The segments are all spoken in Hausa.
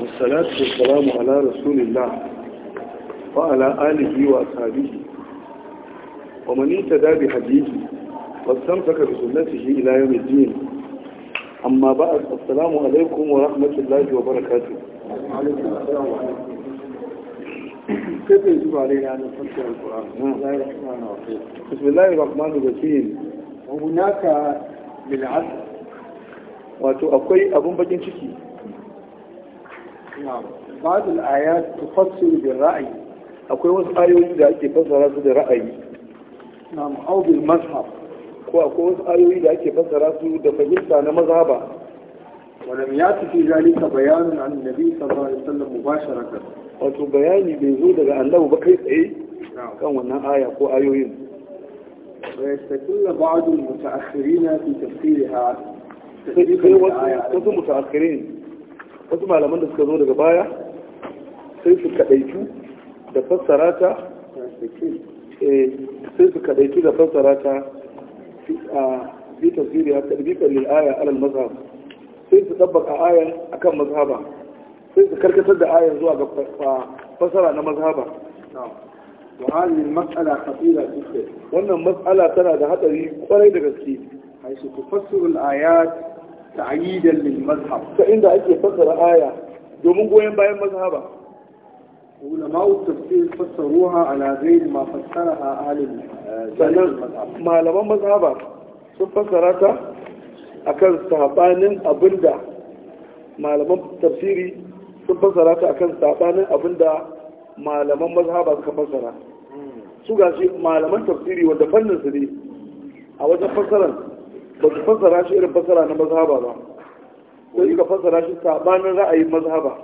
wasalatu da salamu ala rasulillah wa ala alihi wa sabihi wa manita da bi hadisi wasan saka da shi ila yau mai amma ba a salamu alaikum wa rahmatullahi wa barakatu bismillahi rahman rahim wa hunaka bil'asr wato akwai abin bakin ciki بعض الآيات تفسر بالرأي akwai wasu ayoyi da ake fassara su da ra'ayi na ma'aubin mazhab ko akwai wasu ayoyi da ake fassara su da fahimta na mazhaba ولم يأتي في ذلك بيان عن النبي صلى الله عليه وسلم مباشرة wato bayani bai zo daga Allah ba kai tsaye kan wannan aya ko بعض المتأخرين في تفسيرها تفسير الآية wasu mutaakhirin wasu malaman da suka zo daga baya sai su kadaitu da fassara ta eh, sai su kadaitu da fassara ta a bi tafsiri a tarbikan lil aya alal mazhab sai su tabbaka a akan mazhaba sai su karkatar da ayan zuwa ga fassara na mazhaba وهذه المسألة خطيرة جدا. وأن المسألة ترى هذا قريب كثير حيث تفسر الآيات ta'yidan lil mazhab ta inda ake fassara aya domin goyon bayan mazhaba ulama'u tafsir fassaruha ala ghayr ma fassaraha alim sanan malaman mazhaba sun fassara ta akan sabanin abinda malaman tafsiri sun fassara ta akan sabanin abinda malaman mazhaba suka fassara hmm. su gashi malaman tafsiri wanda fannin su ne a wajen fassarar ba su fassara shi irin fassara na mazhaba ba yi ka fassara shi sabanin ra'ayin mazhaba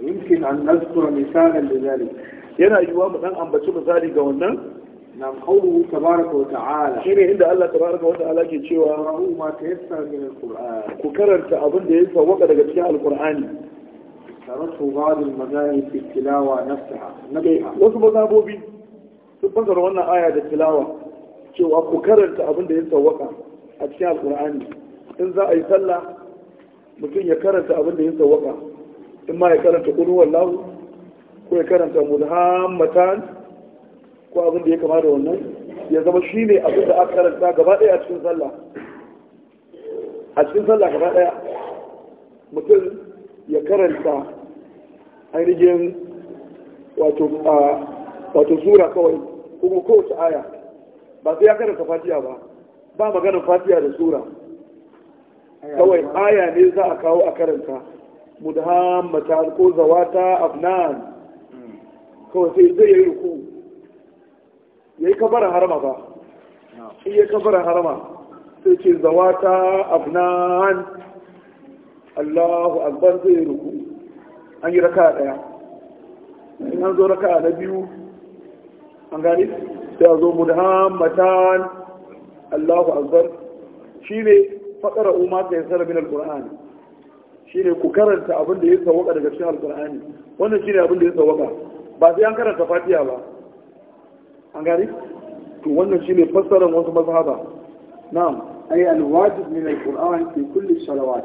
yumkin an nazkura misalan da zalik yana yiwuwa mu dan ambaci misali ga wannan nam qawluhu tabaraka wa ta'ala shine inda Allah tabaraka wa ta'ala ke cewa ra'u ma tayassara min al-qur'an ku karanta abin da ya sawwaka daga cikin al-qur'ani saratu ba'd al-madani fi tilawa nafsaha nabi wasu mazhabobi sun fassara wannan aya da tilawa cewa ku karanta abin da ya sawwaka a cikin alkur'ani in za a yi sallah mutum ya karanta abin da ya sawwaka in ma ya karanta kunu wallahu ko ya karanta Muhammadan, ko abin da ya kama da wannan ya zama shi ne abin da aka karanta gaba ɗaya a cikin sallah a cikin sallah gaba ɗaya mutum ya karanta ainihin wato sura kawai kuma kowace aya ba sai ya karanta Fatiya ba ba maganin Fatiya da sura kawai aya ne za a kawo a karanta mudhammata ko zawata afnan kawai sai zai yi ruku yayi kafara harama ba in ya kafara harama sai ce zawata afnan Allahu akbar zai ruku an yi raka daya in an zo raka na biyu an gani sai a zo hamatan Allahu akbar shine faqara umma ta al min Shi ne ku karanta abin da ya sawaka daga cikin alqur'ani wannan shi ne abin da ya sawaka ba sai an karanta fatiha ba an gari to wannan shi ne fassarar wasu mazhaba na'am ay alwajib min alqur'an fi kulli salawat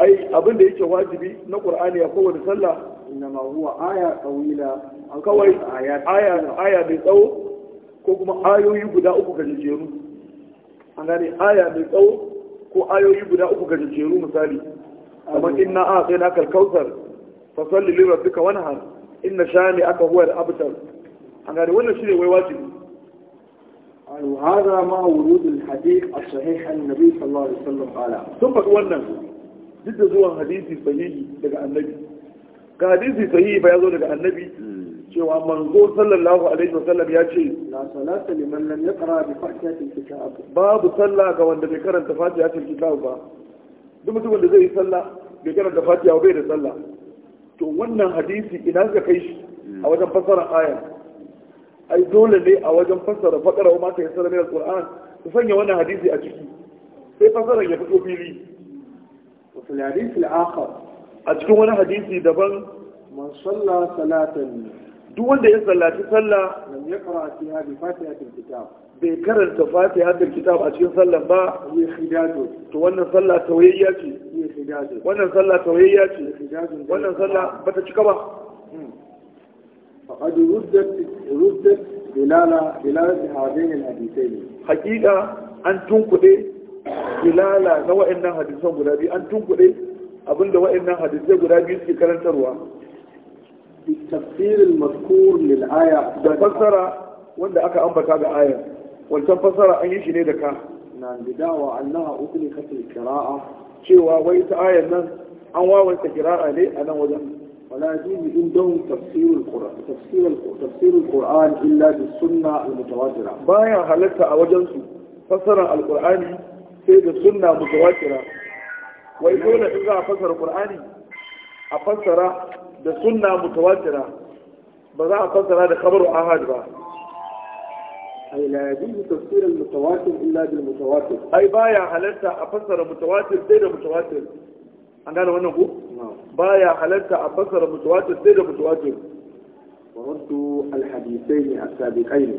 ai abin da yake wajibi na qur'ani a kowace sallah inma huwa aya tawila kawai aya aya mai tsawo ko kuma ayoyi guda uku gajejeru an gane aya mai tsawo ko ayoyi guda uku gajejeru misali kamar inna a sai na kalkautar fasalli lura duka wani har inna sha aka huwa da abutar an gane wannan shi ne wai wajibi وهذا مع ورود الحديث الصحيح عن النبي صلى الله عليه وسلم قال ثم قلنا ضد زوان حديث صحيح لقى النبي كحديث صحيح بيزو لقى النبي cewa manzo sallallahu alaihi wasallam ya ce la salata liman lam yaqra bi fatihatil kitab babu sallah ga wanda bai karanta fatihatil kitab ba duk mutumin da zai yi sallah bai karanta fatiha bai da sallah to wannan hadisi ina ka kai shi a wajen fassara aya ai dole ne a wajen fassara fakara wa mata yasara min alquran ku sanya wannan hadisi a ciki sai fassara ya fito fili wa fil hadisi al-akhar a cikin wani hadisi daban man salla salatan duk wanda ya sallaci sallah lam yaqra fiha bi fatihatil kitab bai karanta fatihatil kitab a cikin sallah ba ya khidaju to wannan sallah tawayya ce ya khidaju wannan sallah tawayya ce wannan sallah bata cika ba hmm. faqad ruddat ruddat bilala bilala hadain alhadithain haqiqa an tunkude bilala na wa'annan hadisan guda biyu an tunkude abinda wa'annan hadisai guda biyu suke karantarwa التفسير المذكور للآية ده فسر وده أكا أنبت هذا آية والتم فسر أن يشي ليدك نعم بدعوة أنها أطلقت القراءة شوى ويت آية نعم أنوا ويت قراءة لي أنا وزن ولا يجوز عندهم تفسير القرآن تفسير تفسير القرآن إلا بالسنة المتواترة بايا هلكت أوجنس فسر القرآن في السنة المتواترة ويقول إذا فسر القرآن أفسر da suna mutawatira ba za a fassara da kamar ahad ba A la yajibu tafsir al mutawatir illa bil mutawatir ai baya halatta a fassara mutawatir sai da mutawatir an gane wannan ko baya halatta a fassara mutawatir sai da mutawatir waraddu al hadithain as-sabiqain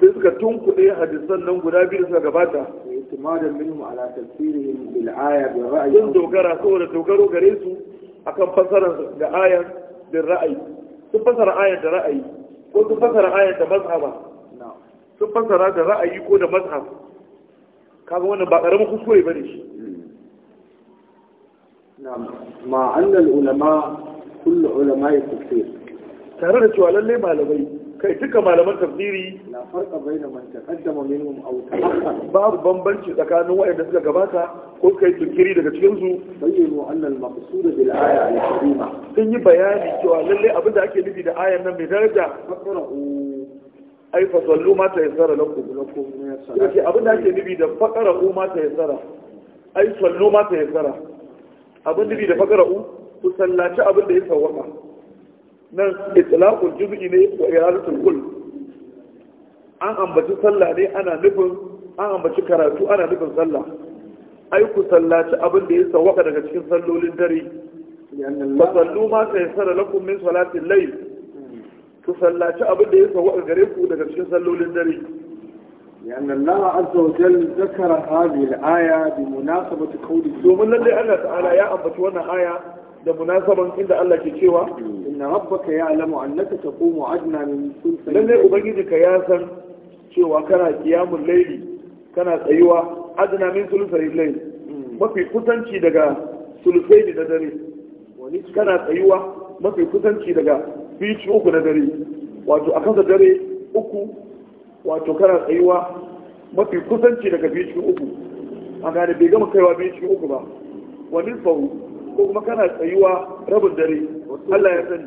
sai suka tunkuɗe hadisan nan guda biyu suka gabata itimadan minhum ala tafsirihim bil aya bi ra'yi dogara saboda dogaro gare su akan fasaran da ayar da ra'ayi sun fasara ayar da ra'ayi ko sun fasara ayar da mazhaba sun fasara da ra'ayi ko da mazhab kaga wannan ba karamin kuskure bane shi ma annal ulama kullu ulama tafsir tare da cewa lalle malamai kai duka malaman tafsiri farka bai da man taqaddama minhum aw ta'akhkhara babu bambanci tsakanin waɗanda suka gabata ko kai tunkiri daga cikin su bayyana anna al maqsuda bil aya al-karima sun yi bayani cewa lalle abin da ake nufi da ayan nan mai daraja ai fa sallu ma tayassara lakum lakum yake abin da ake nufi da faqara u ma tayassara ai sallu ma tayassara abin nufi da faqara u ku sallaci abin da ya sawwaka nan itlaqul juz'i ne wa iradatul kull an ambaci sallah ne ana nufin an ambaci karatu ana nufin sallah ai ku sallaci abin da ya sawaka daga cikin sallolin dare fa sallu ma tayassara lakum min salati al-layl ku sallaci abin da ya sawaka gare ku daga cikin sallolin dare لأن الله عز وجل ذكر هذه الآية بمناسبة قوله ومن الذي الله تعالى يا أبت وانا آية بمناسبة عند الله كتوى inna rabbaka ya'lamu annaka taqumu adna min sulthi lalle ubangiji ka ya san cewa kana qiyamul layli kana tsayuwa adna min sulthi layli hmm. mafi kusanci daga sulthai da dare wani kana tsayuwa mafi kusanci daga bici uku na dare wato a kasa dare uku wato kana tsayuwa mafi kusanci daga bici uku a gane bai gama kaiwa bici uku ba wani fahu ko kuma kana tsayuwa rabin dare Allah ya sani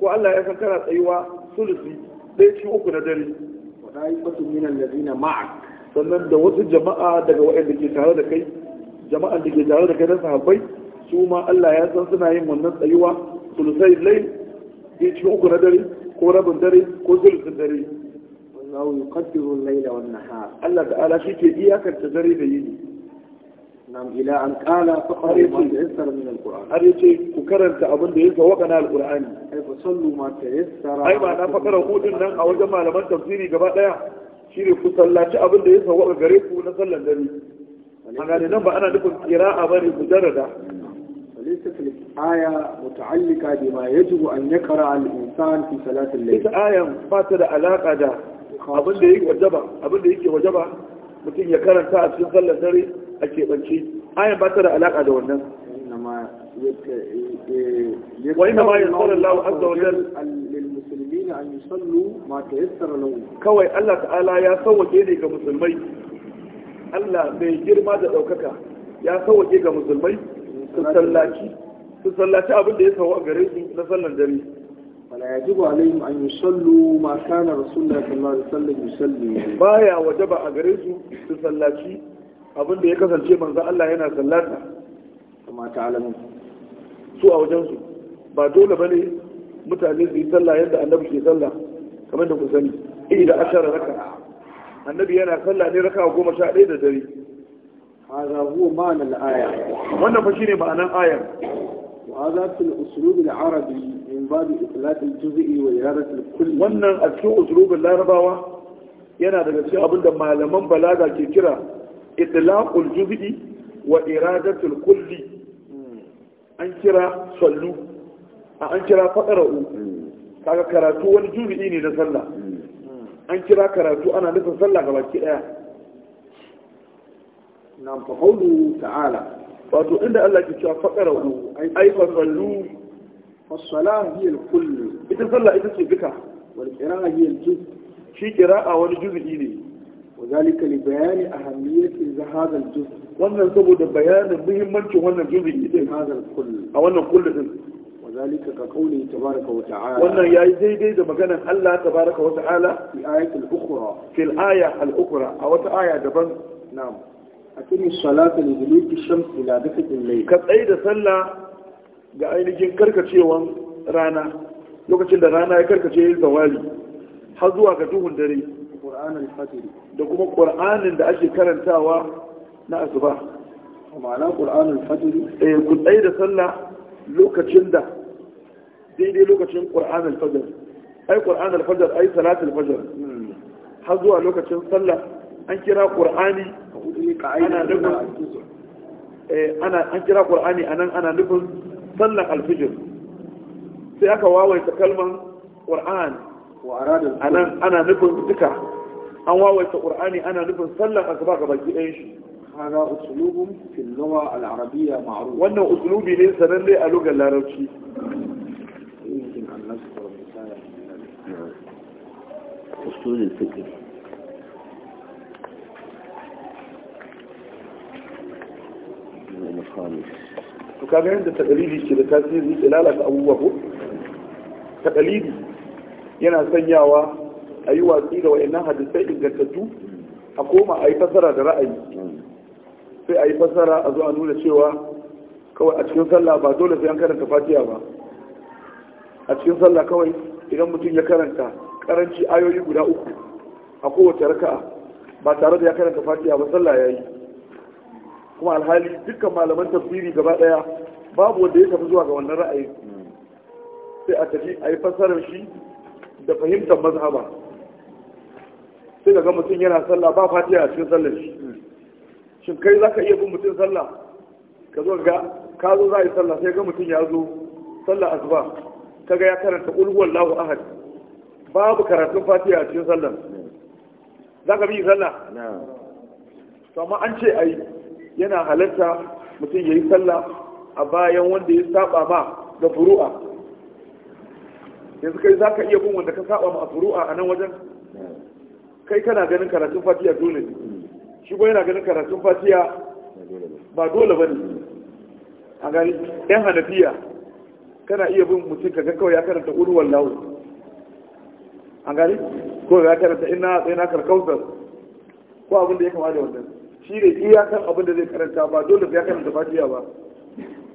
ko Allah ya san kana tsayuwa sulusi ɗaya cikin uku na dare ta'ifatun min allazina ma'ak sannan da wasu jama'a daga waɗanda ke tare da kai jama'an da ke tare da kai na sahabbai su ma Allah ya san suna yin wannan tsayuwa sulusai lai ke cikin uku na dare ko rabin dare ko sulusin dare wallahu yuqaddiru al-layla wan nahar Allah ta'ala shi ke iyakanta dare da yini نعم إلى أن قال فقط ما تيسر من القرآن أريتي كوكرر تأبن بيسا وقنا القرآن أي فصلوا ما تيسر أي ما أنا فقر أقول إن أو جمع لما تفسيري قبل لا شيري فصلا تأبن بيسا وقنا غريب ونصلى النبي أنا لنبا أنا لكم قراءة بني مجردة وليست الآية متعلقة بما يجب أن يقرأ الإنسان في صلاة الليل إذا آية فاتر علاقة ده أبن ليك وجبة أبن ليك وجبة mutum ya karanta a cikin sallar dare a keɓance ayan ba ta da alaƙa da wannan wani ma ya tsoron lawa kawai Allah ta'ala ya sauwaƙe ne ga musulmai Allah mai girma da ɗaukaka ya sauwaƙe ga musulmai su sallaci su sallaci abin da ya sawo a gare su na sallan dare فلا يجب عليهم أن يصلوا ما كان abin da ya kasance manzo Allah yana sallata kamata ta alamin su a wajen su ba dole bane mutane su yi sallah yadda annabi ke sallah kamar da ku sani eh da ashara raka annabi yana sallah ne raka goma sha ɗaya da dare hada huwa ma'anar aya wannan fa shine ma'anar ayar وهذا في الأسلوب العربي من باب إطلاق الجزء وإرادة الكل wannan a cikin usulubin larabawa yana daga cikin abin da malaman balaga ke kira itlaqul juz'i wa iradatul kulli an kira sallu an kira faqra'u kaga karatu wani juz'i ne na sallah an kira karatu ana nufin sallah gabaki daya nan fa qawlu ta'ala wato inda Allah ke sallu فالصلاة هي الكل إذا صلى إذا سبكة والقراءة هي الجزء في قراءة والجزء إليه zalika li bayani ahammiyati hadha al-juz wannan saboda bayanin muhimmancin wannan juz'i din hadha kull a wannan kullu din ka qawli tabaraka wa ta'ala wannan yayi daidai da maganar Allah tabaraka wa ta'ala fi ayati al fi aya al a wata aya daban na'am atini salata li duluki shams ila dafqi al-layl ka da sallah ga ainihin karkacewan rana lokacin da rana ya karkace zawali har zuwa ga duhun dare qur'an al da kuma qur'anin da ake karantawa na asuba ma'ana qur'an al-fajr eh, da sallah lokacin daidai lokacin qur'an al ai qur'an al ai salatul fajr hmm. har zuwa lokacin sallah an kira qur'ani ana nufin eh, ana anan ana nufin sallar al sai aka wawaita kalman qur'an أنا أنا نبي بتكع أنا واوي في القرآن أنا نبي صلى أسباق بجي إيش هذا أسلوب في اللغة العربية معروف وأنه أسلوبي ليس لن لي ألوغ الله يمكن أن نذكر مثال أسلوب الفكر وكان عند تقليدي كده كان يقول لك أبوه تقليدي yana sanyawa a yi watsi da wa'annan hadisai ingantattu a koma a yi fasara da ra'ayi sai a yi fasara a zo a nuna cewa kawai a cikin sallah ba dole sai an karanta fatiha ba a cikin sallah kawai idan mutum ya karanta karanci ayoyi guda uku a kowace raka'a ba tare da ya karanta fatiha ba sallah yayi kuma alhali dukkan malaman tafsiri gaba daya babu wanda ya tafi zuwa ga wannan ra'ayi sai a tafi a yi fasarar shi da fahimtar mazhaba sai ga mutum yana sallah ba fatiya a cikin sallar shi shin kai za ka iya bin mutum sallah ka zo ga ka zo za a yi sallah sai ga mutum ya zo sallah asuba ka ga ya karanta ulwar lahu ahad babu karatun fatiya a cikin sallar za ka bi sallah to amma an ce ai yana halatta mutum ya yi sallah a bayan wanda ya saba ma da furu'a yanzu kai za ka iya bin wanda ka saba ma furu'a a nan wajen kai kana ganin karatun fatiya dole ne shi ko yana ganin karatun fatiya ba dole ba ne a gani yan hanafiya kana iya bin mutum ka kawai ya karanta urwar lawo a gani ko ya karanta ina tsaye na karkautar ko abin da ya kama da wannan shi ne kan abin da zai karanta ba dole ya karanta fatiya ba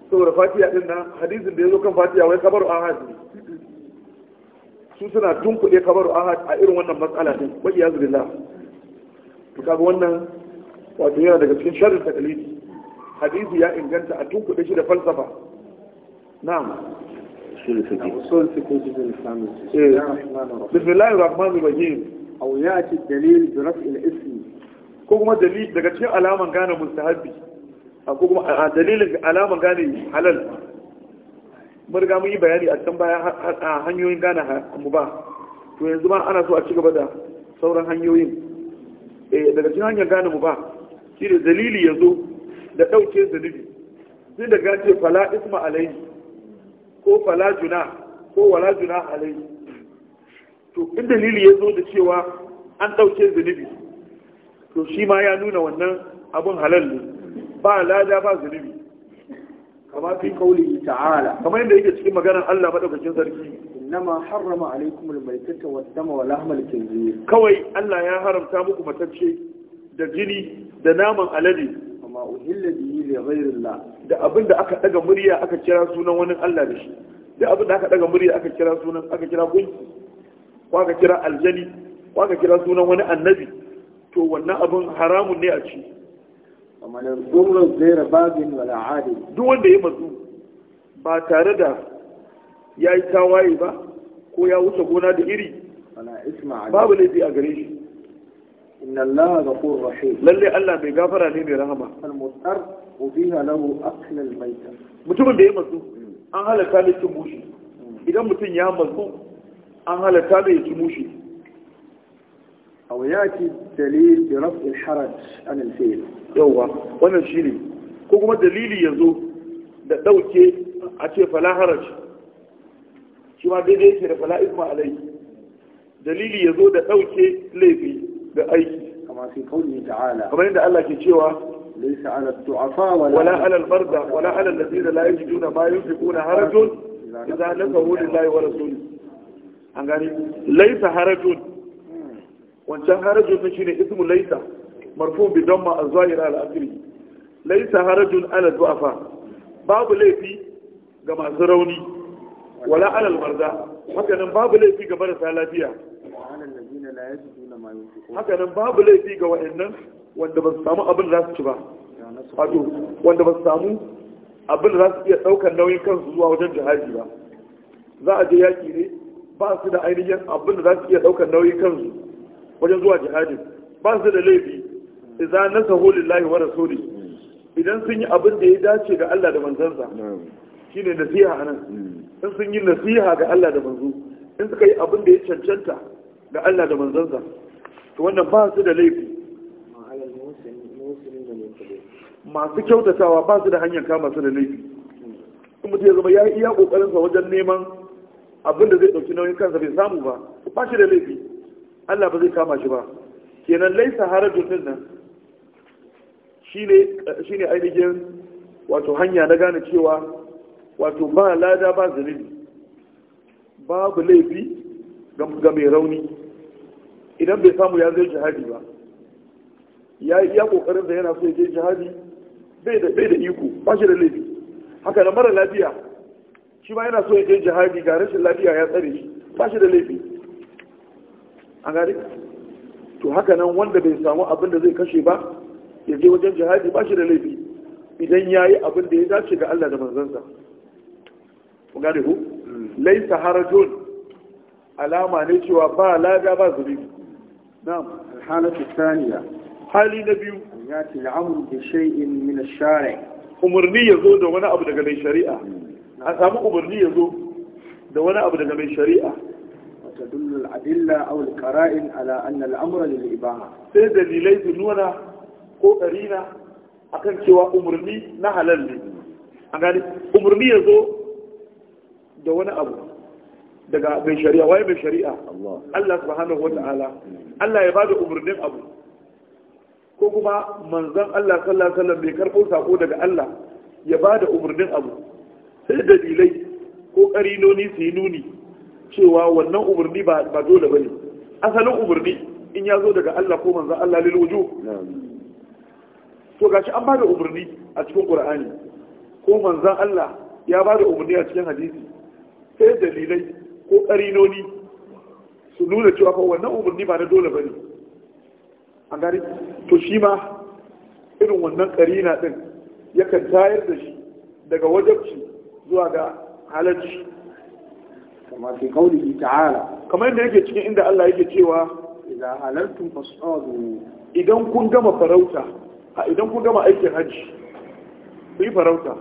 saboda fatiya din nan hadisin da ya zo kan fatiya wai kabaru a hajji su suna tunkuɗe kabaru a irin wannan matsala ne wajen iyaz billah to kaga wannan wato yana daga cikin sharrin takalidi hadisi ya inganta a tunkuɗe shi da falsafa na'am بسم الله الرحمن الرحيم أو يأتي الدليل برفع الاسم ko kuma daga cikin alaman gane mustahabi ko kuma dalilin alaman halal mun riga mun yi bayani a can baya a hanyoyin gane mu ba to yanzu ma ana so a ci gaba da sauran hanyoyin eh, daga cikin hanyar gane mu ba shi ne dalili yanzu da ɗauke zunubi sai da gace fala isma alai ko fala juna ko wala juna alai to in dalili ya zo da cewa an ɗauke zunubi to shi ma ya nuna wannan abun halal ne ba lada ba zunubi kama fi qawlihi ta'ala Kama yadda yake cikin maganar Allah madaukakin sarki innama harrama alaykum al-maytata wad-dama wa lahma al-khinzir kawai Allah ya haramta muku matacce da jini da naman alade amma uhilla bihi li ghayrillah da abinda aka daga murya aka kira sunan wani Allah da shi da abinda aka daga murya aka kira sunan aka kira gunki ko aka kira aljani ko aka kira sunan wani annabi to wannan abin haramun ne a ci kamar zurra zaira babin wala adi duk wanda ya mazu ba tare da ya yi tawaye ba ko ya wuce gona da iri babu laifi a gare shi inna allaha ghafurur rahim lalle allah bai gafara ne mai rahama al mutar ubiha lahu akl al maita mutumin da ya mazu an halaka ne cin mushi idan mutum ya mazu an halaka ne ya ci mushi أو يأتي الدليل برفع الحرج عن الفيل yauwa wannan shi ne ko kuma dalili ya zo da ɗauke a ce falaharar shi ma daidai yake da fala'isma ma'alai dalili ya zo da ɗauke laifi da aiki kamar yadda Allah ke cewa ليس على الضعفاء da ولا على المرضى ولا على الذين لا يجدون za a nasa wuri layi wa rasuli an gani laisa harajun hmm. wancan harajun sun ne ismu laisa marfu bi damma az-zahira al-akhiri laysa harajun ala du'afa babu laifi ga masu rauni wala ala al-marda babu laifi ga marasa lafiya haka babu laifi ga wa'annan wanda ba su samu abin da za su ci ba wato ba su samu abin da za su iya ɗaukar nauyin kansu zuwa wajen jihadi ba za a je yaƙi ne ba su da ainihin abin da za su iya ɗaukar nauyin kansu wajen zuwa jihadin ba su da laifi idza nasahu lillahi wa rasuli idan sun yi abin da ya dace ga Allah da manzansa shine nasiha anan in sun yi nasiha ga Allah da manzo in suka yi abin da ya cancanta ga Allah da manzansa to wannan ba su da laifi masu kyautatawa ba su da hanyar kama su da laifi kuma mutum ya zama ya iya sa wajen neman abin da zai dauki nauyin kansa bai samu ba ba shi da laifi Allah ba zai kama shi ba kenan laisa harajin nan shi ne ainihin wato hanya na gane cewa wato ba lada ba zunubi babu laifi ga mai rauni idan bai samu ya zai jihadi ba ya yi ya kokarin da yana so ya je jihadi bai da iko ba shi da laifi haka da mara lafiya shi ma yana so ya je jihadi ga rashin lafiya ya tsare shi ba shi da laifi an gari to haka nan wanda bai samu abin da zai kashe ba ya je wajen jihadi ba shi da laifi idan ya yi abin da ya dace ga Allah da manzansa ku gane ku mm. laisa harajun alama ne cewa ba lada ba zubi na'am halatu Saniya. hali na biyu ya ce al'amru bi shay'in min share. Umarni ya zo da wani abu daga mai shari'a mm. a samu umarni ya zo da wani abu daga mai shari'a Wata a وتدل الأدلة أو القرائن على أن الأمر للإباحة. سيد دليلي nuna. ko a akan cewa umarni na halal ne an gani umarni ya zo da wani abu daga mai shari'a waye mai shari'a Allah subhanahu wata'ala Allah ya bada umarnin abu ko kuma manzon Allah sallallahu alaihi wasallam bai karɓo sako daga Allah ya bada umarnin abu sai dalilai ko karinoni su yi nuni cewa wannan umarni ba dole bane asalin umarni in ya zo daga Allah ko manzon Allah lil wujub to gashi an bada umarni a cikin qur'ani ko manzon Allah ya bada umarni a cikin hadisi sai dalilai ko karinoni su nuna cewa fa wannan umarni ba na dole bane an gari to shi ma irin wannan karina din yakan tayar da shi daga wajabci zuwa ga halarci fi kaulihi ta'ala kamar yadda yake cikin inda Allah yake cewa idan kun gama farauta a idan kun gama aikin hajji ku yi farauta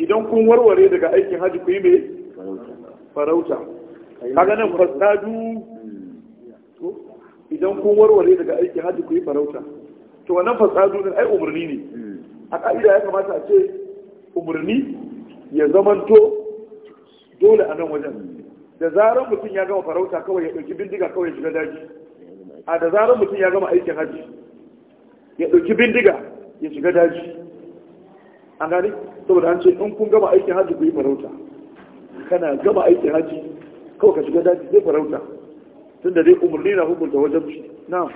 idan kun warware daga aikin hajji ku yi mai farauta kaga nan fasadu mm. idan kun warware daga aikin hajji ku yi farauta to wannan fasadu ne ai umarni ne mm. a ka'ida ya kamata a ce umarni ya zamanto dole a nan wajen mm. da zarar mutum ya gama farauta kawai ya ɗauki bindiga kawai shiga daji a da zarar mutum ya gama aikin hajji ya ɗauki bindiga ya shiga daji A gani saboda an ce in kun gama aikin hajji ku yi farauta kana gama aikin hajji kawai ka shiga daji zai farauta tun da dai umarni na hukunta wajen shi na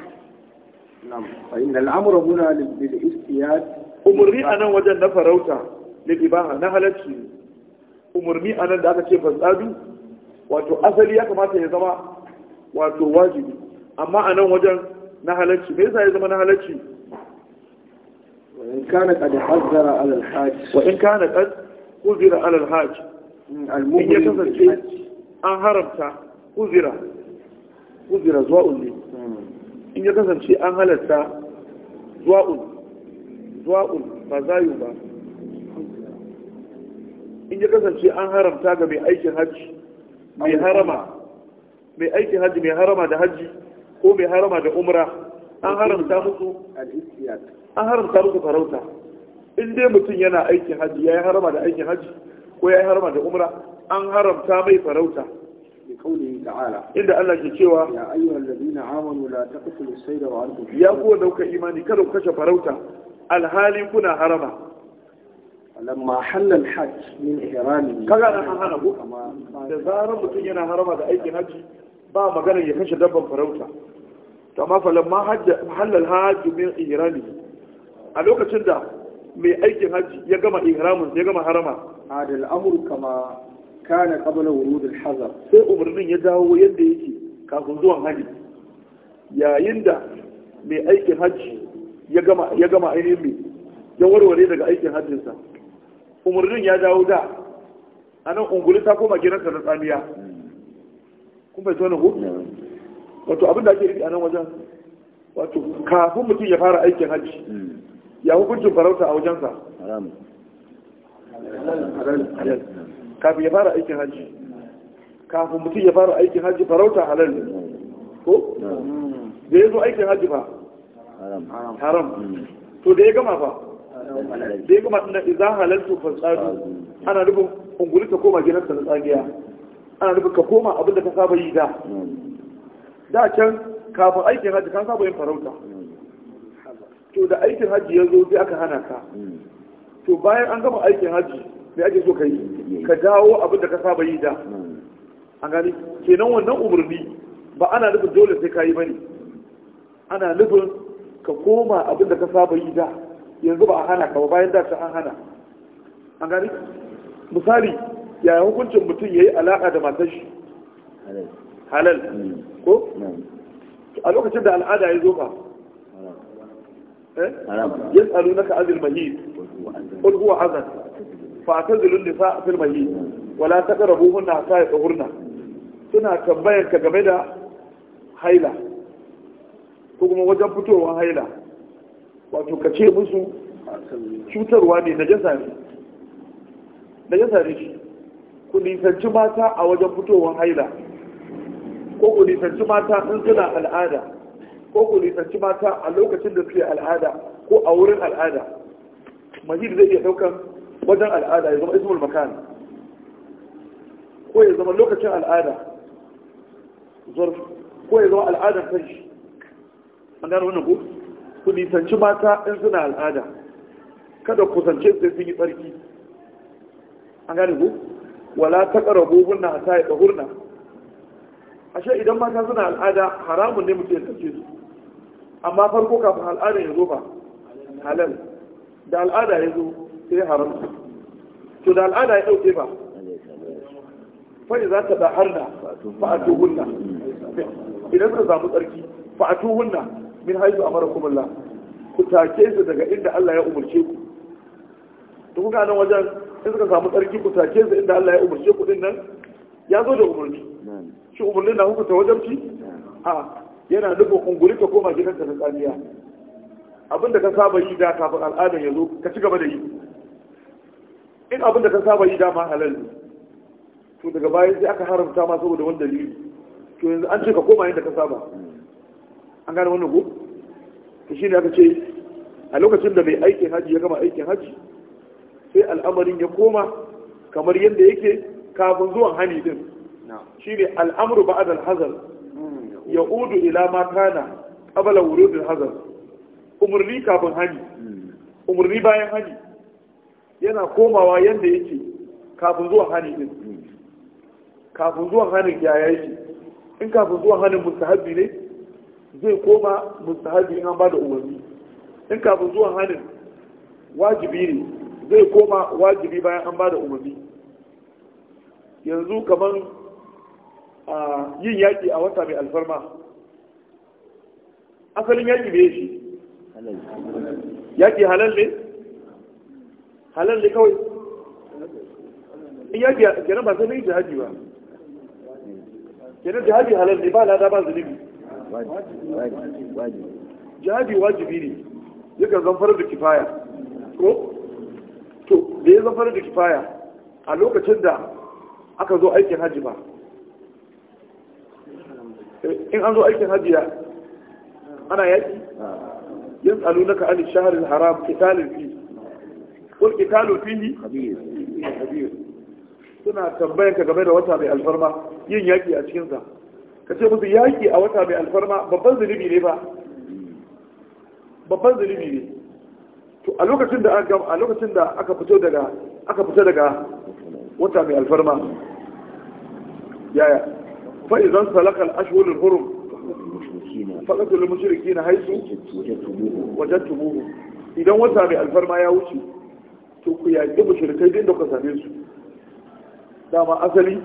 na'am fa da al'amru huna lil istiyad umarni nan wajen na farauta na ibaha na halacci umarni a nan da aka ce fasadu wato asali ya kamata ya zama wato wajibi amma a nan wajen na halacci me yasa ya zama na halacci وإن كان قد حذر على الحاج وإن كان قد حذر على الحاج إن أن هرمت حذر حذر زواء لي إن أن هلت زواء ba zayu ba in ya kasance an haramta ga mai aikin hajji mai harama da hajji ko mai harama da umra an haramta musu al an haramta muku farauta in dai mutum yana aikin hajji ya yi harama da aikin hajji ko ya yi harama da umra an haramta mai farauta inda Allah ke cewa ya ayyuhal ladina amanu la taqtulu sayda wa antum ya ku dauka imani kada ku kashe farauta alhali kuna harama lamma halla alhajj min ihrami kaga an hana ku da zarar mutum yana harama da aikin hajji ba magana ya kashe dabban farauta to amma falamma hajja halla alhajj min ihrami a lokacin da mai aikin hajji ya gama ihramin ya gama harama adal amur kama kana qabla wurud al hazar sai umarnin ya dawo yadda yake kafin zuwan hajji yayin da mai aikin hajji ya gama ya gama ainihin mai ya warware daga aikin hajjinsa umarnin ya dawo da a nan unguli ta koma gidansa na tsamiya kun bai tona hudu wato abin da ake yi a nan wajen wato kafin mutum ya fara aikin hajji hmm. ya hukuncin farauta a wajensa kafin ya fara aikin hajji kafin mutum ya fara aikin hajji farauta halal ne ko da ya zo aikin hajji ba haram hmm. to da ya gama ba da ya gama tunda iza halaltu fasadu ana nufin unguli ka koma gidansa na tsagiya ana nufin ka koma abin da ka saba yi da hmm. da can kafin aikin hajji kan saba yin farauta hmm. to da aikin hajji ya zo sai aka hana ka hmm. to bayan an gama aikin hajji sai ake so ka yi hmm. ka dawo abin da ka saba yi da hmm. an gani kenan wannan umarni ba ana nufin dole sai ka yi bane ana nufin ka koma abin da ka saba yi da yanzu ba a hana ka ba bayan da an hana an gani misali yaya hukuncin mutum ya yi alaƙa da matar shi halal ko a lokacin da al'ada ya zo ba يسألونك عن المهيد قل هو عزل فاعتزلوا النساء في المهيد ولا تقربوهن حتى يطهرن suna tambayar ka game da haila ko kuma wajen fitowar haila wato ka ce musu cutarwa ne na jasa ne na ku nisanci mata a wajen fitowar haila ko ku nisanci mata in suna al'ada ko ku nisanci mata a lokacin da suke al'ada ko a wurin al'ada majid zai iya daukan wajen al'ada ya zama ismul makan ko ya zama lokacin al'ada zuwa ko ya zama al'adar kanshi an gano wannan ko ku nisanci mata in suna al'ada kada ku kusance su sun yi tsarki an gane ku wala ta ƙarabo hunna a ta yi ɗahurna ashe idan mata suna al'ada haramun ne mutum ya tsarki su amma farko kafin al'ada ya zo ba halal da al'ada ya zo sai haram to da al'ada ya dauke ba fai za ta dahar da hunna idan ka samu tsarki hunna min haizu marar kumullah ku take su daga inda Allah ya umarce ku to kuka nan wajen sai suka samu tsarki ku take su inda Allah ya umarce ku din nan ya zo da umarni shi umarnin na hukunta ci a yana nufin kunguri ka koma gidanka ka tsamiya abinda ka saba yi da kafin al'ada ya zo ka ci gaba da yi in abinda ka saba yi da ma halal ne to daga bayan sai aka haramta ma saboda wani dalili to yanzu an ce ka koma yadda ka saba an gane wannan ko to shine aka ce a lokacin da mai aikin haji ya gama aikin haji sai al'amarin ya koma kamar yadda yake kafin zuwan hani din shine al'amru ba'da al hazar. ya'udu ila ma kana qabla wurudil hazar umurni kafin hani umurni bayan hani yana komawa yanda yake kafin zuwa hani din kafin zuwa hani ya yake in kafin zuwa hani mustahabi ne zai koma mustahabi in an ba da umarni in kafin zuwa hani wajibi ne zai koma wajibi bayan an ba da umarni yanzu kamar yin yaƙi a wata mai alfarma asalin yaƙi mai shi yaƙi halal ne halal ne kawai in yaƙi kenan ba sai na yi jihadi ba kenan jihadi halal ne ba lada ba zunubi jihadi wajibi ne yakan zamfar da kifaya ko to da ya zamfar da kifaya a lokacin da aka zo aikin hajji ba in an zo aikin hajiya ana yaki yin tsalu na ka'ani shaharin haram kitalin fi kul kitalin fi suna tambayan ka game da wata mai alfarma yin yaki a cikinsa ka ce musu yaki a wata mai alfarma babban zunubi ne ba babban zunubi ne to a lokacin da aka a lokacin da aka fito daga aka fito daga wata mai alfarma yaya فإذا انسلخ الأشهر الهرم فقط للمشركين حيث وجدتموه إذا وسع بالفرما يا وشي to ku yaƙi mushrikai din da ku same su dama asali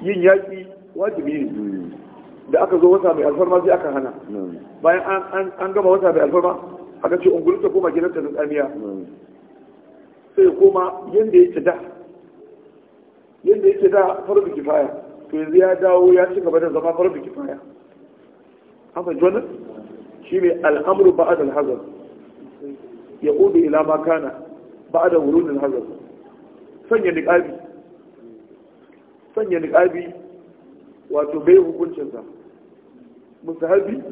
yin yaƙi wajibi ne da aka zo wata mai alfarma sai aka hana bayan an gama wata mai alfarma aka ce ungulu ta koma gidanta na tsamiya sai koma yadda yake da yadda da kifaya to yanzu ya dawo ya ci gaba da zama farbi kifaya an fahimci wannan shi ne al'amru ba'ad al-hazar ya ƙudu ila ma kana ba'ad wurin hazar sanya niqabi sanya niqabi wato bai hukuncinsa musahabi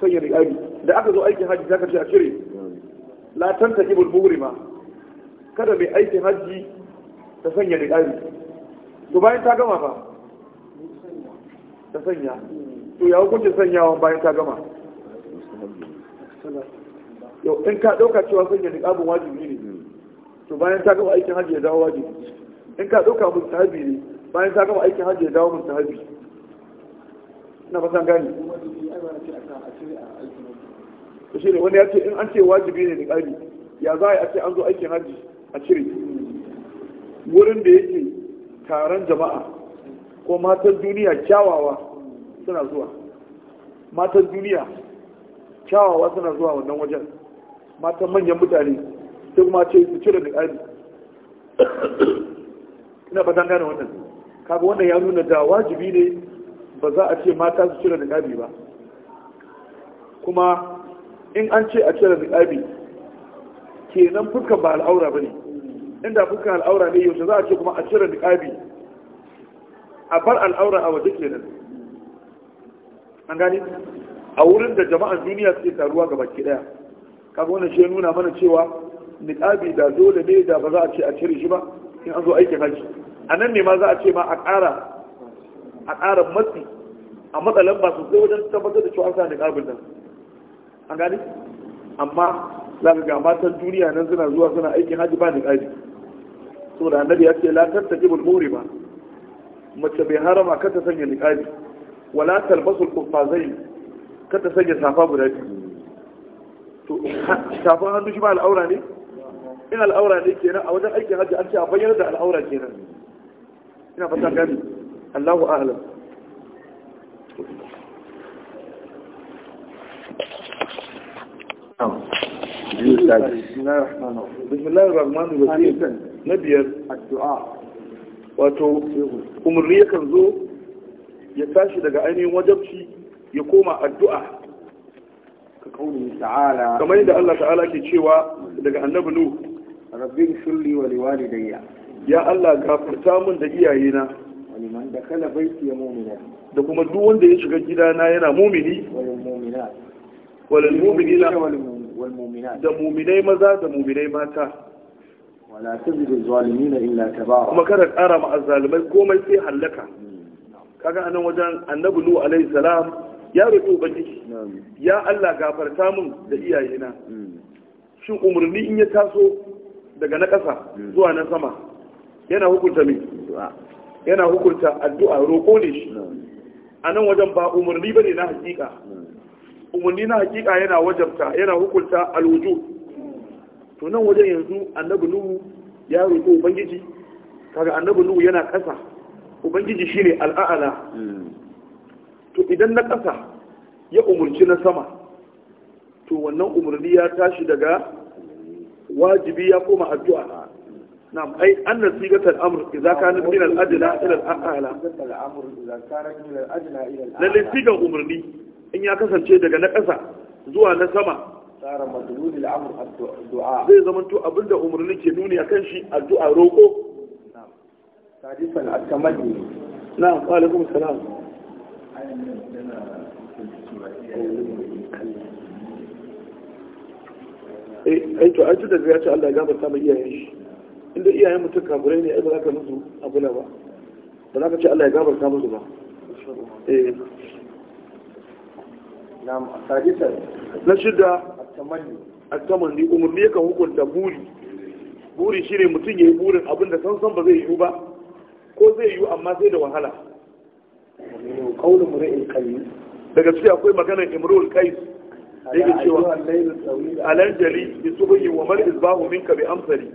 sanya niqabi da aka zo aikin hajji zaka ce a cire la tanta ibul ma. kada mai aikin hajji ta sanya niqabi to bayan ta gama ba ta sanya to ya hukuncin sanyawa bayan ta gama yau in ka ɗauka cewa sanya niƙabin wajibi ne to bayan ta gama aikin hajji ya dawo wajibi in ka ɗauka sahabi ne bayan ta gama aikin hajji ya dawo mustahabi na fasan gani to shi ne wani ya ce in an ce wajibi ne niƙabi ya za a ce an zo aikin hajji a cire wurin da yake taron jama'a ko matan duniya kyawawa suna zuwa matan duniya kyawawa suna zuwa wannan wajen matan manyan mutane sai kuma ce su cire da ƙari ina ba gane wannan kaga wannan ya nuna da wajibi ne ba za a ce mata su cire da ƙari ba kuma in an ce a cire da ƙari kenan fuska ba al'aura ba ne inda fuska al'aura ne yaushe za a ce kuma a cire niqabi a bar al'aura a waje kenan an gani a wurin da jama'an duniya suke taruwa ga baki daya kaga wannan shi nuna mana cewa niqabi da dole ne da ba za a ce a cire shi ba in an zo aikin haji a nan ne ma za a ce ma a ƙara a ƙara matsi a matsalan ba sosai wajen tabbatar da cewa an sa niqabin nan an gani amma za ka ga matan duniya nan suna zuwa suna aikin haji ba niqabi سورة النبي أكي لا تتجب المغربة متشبه هرم كتسجي لكاجي ولا تلبسوا القفازين كتسجي صفاب راجي صفاب هل نشبع الأورا لي إن الأورا لي كينا أولا أي كهاجي أنت أبين دع الأورا كينا إن فتاك أبي الله أهلا بسم الله الرحمن الرحيم بسم الله الرحمن الرحيم na biyar addu'a wato umarni kan zo ya tashi daga ainihin wajabci ya koma addu'a ka kauni ta'ala kamar yadda Allah ta'ala ke cewa daga annabi nu rabbin shulli wa liwalidayya ya Allah gafarta min da iyayena waliman da kala baiti ya mu'mina da kuma duk wanda ya shiga gidana yana mu'mini wal mu'minat wal mu'minina wal mu'minat da mu'minai maza da mu'minai mata illa kuma kada ƙara ma komai sai halaka kaga anan wajen annabi nuhu alaihi salam ya rubu baki ya Allah gafarta min da iyayena mm. shin umarni in ya taso daga na ƙasa mm. zuwa na sama yana hukunta me yana hukunta addu'a roƙo ne shi Anan wajen ba umarni bane na hakika umarni na hakika yana wajabta yana hukunta alwujud to nan wajen yanzu annabi nuhu ya roƙo ubangiji kaga annabi nuhu yana ƙasa ubangiji shine al'a'ala to idan na ƙasa ya umurci na sama to wannan umarni ya tashi daga wajibi ya koma addu'a na ai an صيغة الأمر إذا كانت من الأدنى إلى الأعلى الأمر إذا كانت من lalle إلى الأعلى لأن صيغة أمرني إن يكسر شيء دقا نكسر زوا tsara madlulil amr addu'a zai zama to abinda umarni ke nuni a akan shi addu'a roƙo sadisan at-tamanni na'am wa alaikum salam ai eh, eh, to ai da ya ce Allah ya gabata mai iyayen shi inda iyayen mutum kafirai ne ai ba za ka musu abuna ba ba za ka ce Allah ya gabata musu ba eh na shida at ne umarni yakan hukunta buri buri shine mutum yayi burin abin da san san ba zai yiwu ba ko zai yiwu amma sai da wahala daga cikin akwai maganar imrul qais yake cewa jali bi subhi wa mal isbahu minka bi amsari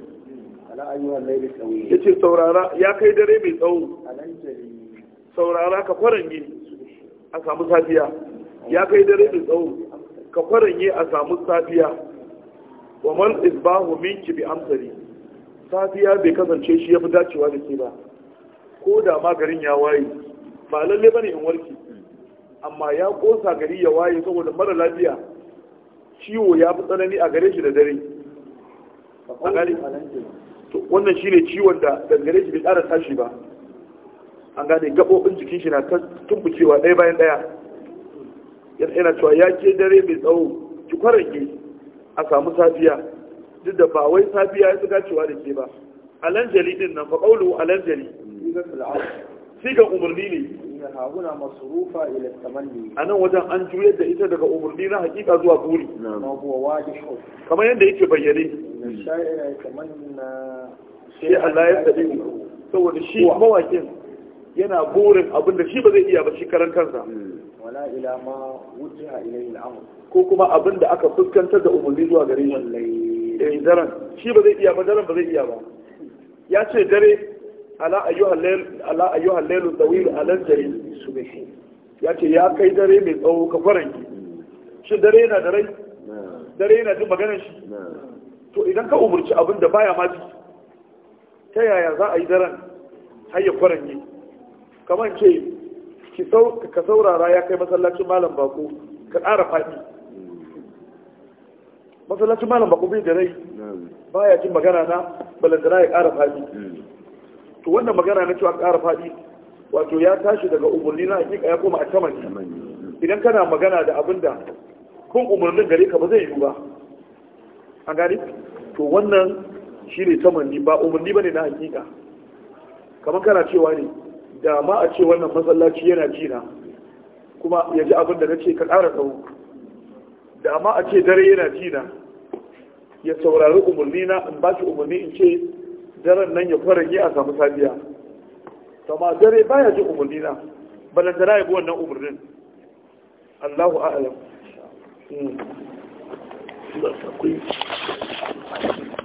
yace saurara ya kai dare mai tsawo saurara ka kwarange a samu safiya ya kai dare mai tsawo ka kwaranye a samu safiya wa man isbahu minki bi amsari safiya bai kasance shi ya fi dacewa da ke ba ko da ma garin ya waye ba lalle bane in warke amma ya kosa gari ya waye saboda mara lafiya ciwo ya fi tsanani a gare shi da dare a gari wannan shine ciwon da dangare shi bai tsara tashi ba an gane gabobin jikin shi na tumbucewa ɗaya bayan ɗaya yana cewa ya ke dare mai tsawo ki kwarage a samu safiya duk da ba wai safiya ya suka cewa da ke ba alanjali din nan fa qawlu alanjali ga umarni ne A masrufa ila tamanni anan wajen an juya da ita daga umarni na hakika zuwa buri kamar yadda yake bayyane sha'ira tamanna sai Allah ya sabi saboda shi mawakin yana burin abinda shi ba zai iya ba shi karan kansa wala ila ma wujja ilayhi al-amr ko kuma abin da aka fuskantar da umarni zuwa gare shi eh daren shi ba zai iya ba daren ba zai iya ba ya ce dare ala ayyuhal layl ala ayyuhal layl tawil ala jari subhi ya ce ya kai dare mai tsawo ka faranki shi dare yana da rai dare yana jin maganar shi to idan ka umurci abin da baya ma ji ta yaya za a yi daren har ya faranki kamar ce ka saurara ya kai masallacin malam bako ka ƙara faɗi masallacin malam bako bai da rai ba ya jin magana na balantana ya ƙara faɗi hmm. to wannan magana na cewa ƙara faɗi wato ya tashi daga umarni na hakika ya koma a saman idan kana magana da abin da kun umarnin gare ka ba zai yiwu ba a gani to wannan shi ne saman ba umarni ba ne na hakika kamar kana cewa ne da ma a ce wannan masallaci yana jina kuma ya ji abin da na ce ka ƙara tsawo da ma a ce dare yana jina ya saurari umarni na in ba shi umarni in ce daren nan ya fara yi a samu safiya sama dare baya ji umarni na balanta na yabi wannan umarnin Allahu a'alam. Hmm.